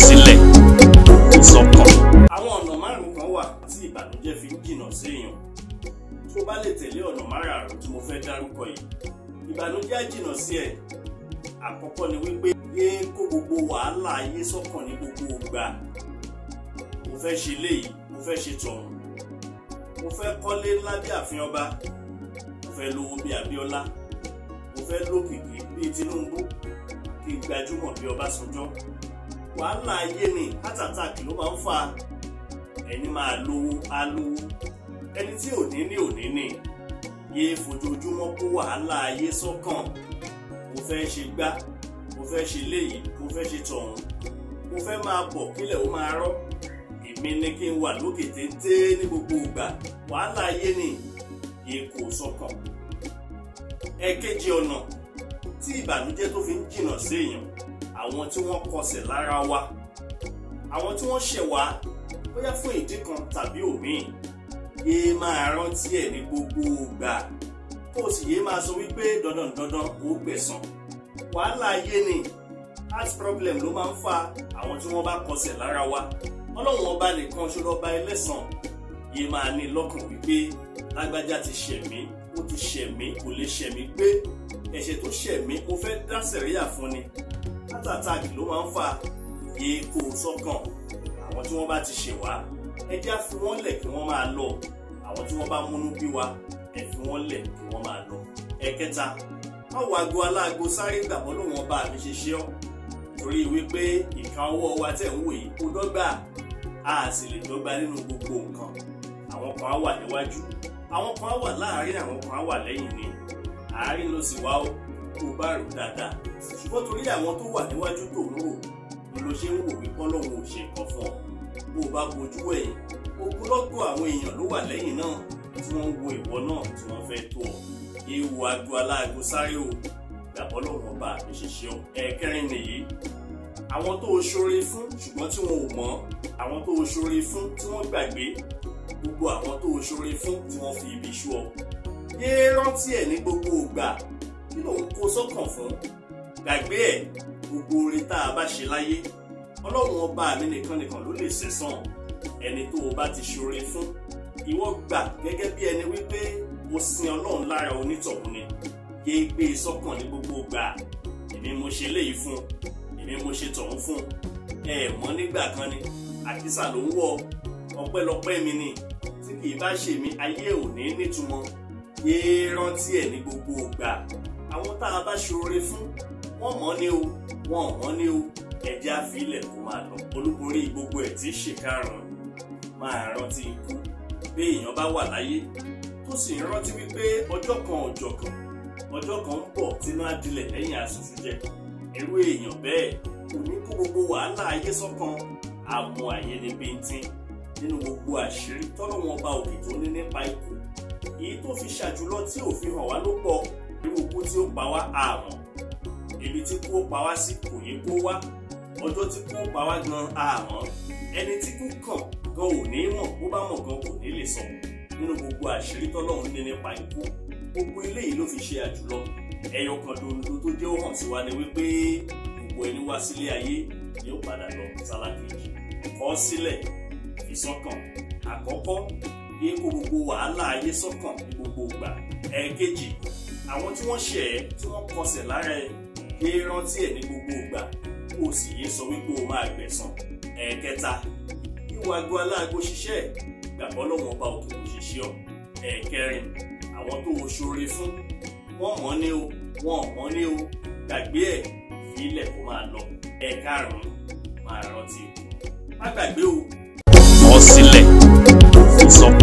sílẹ̀ sọ́kàn. àwọn ọ̀nà márùn-ún kan wà tí ìbànújẹ́ fi ń jìnnà sí èèyàn tó bá lè tẹ̀lé ọ̀nà márààrún tí mo fẹ́ dárúkọ yìí ìbànújẹ́ á jìnnà sí ẹ̀ àkọ́kọ́ ni wípé yé kó gbogbo wàhálà ayé sọ́kàn ní gbogbo ìgbà mo fẹ́ ṣe léyìí mo fẹ́ ṣe tọ̀hún mo fẹ́ kọ́lé ńlá bí ọba mo fẹ́ lówó bí Abíọ́lá mo fẹ́ lókìkí bí Tinubu kí gbajúmọ̀ bí Ọbásanjọ́ wàhálà ayé ni hátàtàkì ló máa ń fa ẹni máa lówó á lówó ẹni tí ò ní ní ò ní fojoojúmọ́ kó wàhálà ayé sọ́kàn mo fẹ́ ṣe gbá mo fẹ́ ṣe léyìí mo fẹ́ ṣe tọ̀hún mo fẹ́ máa bọ̀ kílẹ̀ ó máa rọ́ èmi ni kí n wà lókè téńté ní gbogbo ìgbà wàhálà ayé ni yéé kó sọ́kàn ẹ̀kejì ọ̀nà tí ìbànújẹ́ tó fi ń jìnnà séèyàn àwọn tí wọ́n kọsẹ̀ lára wa àwọn tí wọ́n ṣẹ̀ wá bóyá fún ìdí kan tàbí òmíì yéé máa rántí ẹ̀ ní gbogbo ìgbà kó o sì yéé máa sọ wípé dandan dandan ó gbẹ̀san wàhálà ayé ni heart problem ló máa ń fa àwọn tí wọ́n bá kọsẹ̀ lára wa ọlọ́run ọba nìkan ṣó lọ́ba ẹlẹ́sàn yìí máa ní lọ́kàn wípé lágbájá ti ṣẹ̀mí ó ti ṣẹ̀mí kò lè ṣẹ̀mí pé ẹ̀ṣẹ̀ tó ṣẹ̀mí mo fẹ́ dá sẹ̀ríyà fún ni látàtàkì ló máa ń fa èèkò sọ́kàn àwọn tí wọ́n bá ti ṣèwà ẹ jẹ́ àfi wọ́n lẹ̀ kí wọ́n máa lọ àwọn tí wọ́n bá múnú bí wa ẹ fi wọ́n lẹ̀ kí wọ́n máa lọ. ẹ̀kẹta báwo aago aláago sáré gbàgbọ́ ló wọn bá ṣe ṣe ọ́ torí wípé ìkan ọwọ́ wa tẹ̀ ń wò kó dọ́gba a sì lè dọ́gba nínú gbogbo nǹkan àwọn kan á wà níwájú àwọn kan á wà láàárín àwọn kan á wà lẹ́yìn ni àárín ló sì wá ó tó o bá rò dáadáa ṣùgbọ́n torí àwọn tó wà níwájú tó ń wò ni ló ṣe ń wò wípé ọlọ́run ò ṣe nǹkan fún ọ bó o bá bojú ẹ̀ ogunlọ́gọ̀ àwọn èèyàn ló wà lẹ́yìn náà tí wọ́n ń wo ìwọ náà tí wọ́n fẹ́ tó ọ ewu aago aláago sáré o ìgbàgbọ́ lọ́wọ́ ọba àmì ṣiṣẹ́ ọ ẹ̀ẹ́kẹrin nìyí àwọn tó o ṣoore fún ṣùgbọ́n tí wọn ò mọ̀ àwọn tó o ṣoore fún tí wọ́n gbàgbé gbogbo àwọn tó o ṣoore fún tí wọ́n fi ibi ṣú ọ yéé rántí ẹ̀ ní gbogbo ògbà kí ló ń kó sọ́kàn fún gbàgbé ẹ̀ gbogbo oore tá a bá ṣe láyé ọlọ́run ọba mi nìkan nìkan ló lè sẹ̀sán ẹni tó o bá ti ṣoore fún ìwọ gbà gẹ́gẹ́ bí ẹni wípé o sin ọlọ́run lára onítọ̀hún ni yé gbé e sọ́kàn ní gbogbo gbà èmi mo ṣe léyìí fún èmi mo ṣe tọ̀hún fún ẹ mọ̀ nígbà kan ni àkísà ló ń wọ̀ ọpẹ́lọpẹ́ mi ni tí kì í bá ṣèmi ayé ò ní nítumọ̀ yé rántí ẹ̀ ní gbogbo gbà àwọn tá a bá ṣoore fún wọ́n mọ̀ ní o wọ́n mọ̀ ní o ẹ̀jẹ̀ àfilẹ̀ kó máa lọ olúborí gbogbo ẹ̀ tí ṣèkarùn máa rántí ikú bí èèyàn bá wà láyé tó sì ń rántí wípé ọjọ́ kan ọjọ́ kan ọjọ́ kan ń bọ̀ tínú adilẹ̀ lẹ́yìn àṣùṣù jẹ irú èèyàn bẹ́ẹ̀ kò ní kó gbogbo wàhálà ayé sọ́kan àmọ́ ayé ni bíntín nínú gbogbo àṣírí tọ́lọ́wọ́n ọba òkè tó ní nípa ikú èyí tó fi ṣàjùlọ tí òfin hàn wá ló pọ̀ irú ikú tí ó pa wá àmọ́ ibi tí kú ó pa wá sí kò yẹ kó wá ọjọ́ tí kú ó pa wá gan àmọ́ ẹni tí kú kàn gan ò ní mọ̀ bó bá mọ̀ gan kò ní lè sọ nínú gbogbo àṣírí tọ́lọ́run ní nípa ikú gbogbo eléyìí ló fi ṣe àjùlọ ẹyọ kan dondo tó jẹ́ òhàn sí wa ni wípé gbogbo ẹni wá sílé ayé yóò padà lọ sálákejì kọ sílẹ̀ fi sọ́kàn àkọ́kọ́ yé kó gbogbo wàhálà ayé sọ́kàn ní gbogbo ìgbà ẹ̀ẹ̀kejì àwọn tí wọ́n ṣe ẹ́ tí wọ́n kọsẹ̀ lára ẹ pé rántí ẹ̀ ní gbogbo ìgbà kó o sì yé sọ wípé o máa gbẹ̀san ẹ̀ẹ̀kẹta ìwà àgọ́ aláàgọ́ ṣiṣẹ́ gbàgbọ́ lọ́wọ́ ọba òkè òṣìṣẹ́ ọ ẹ̀ẹ̀kẹrin àwọn tó o ṣoore fún wọ́n mọ̀ ní o wọ́n mọ̀ ní o gbàgbé ẹ̀ fílẹ̀ kó máa lọ ẹ̀ẹ̀karùn-ún máa rántí má gbàgbé o. wọ́n sílẹ̀ sọ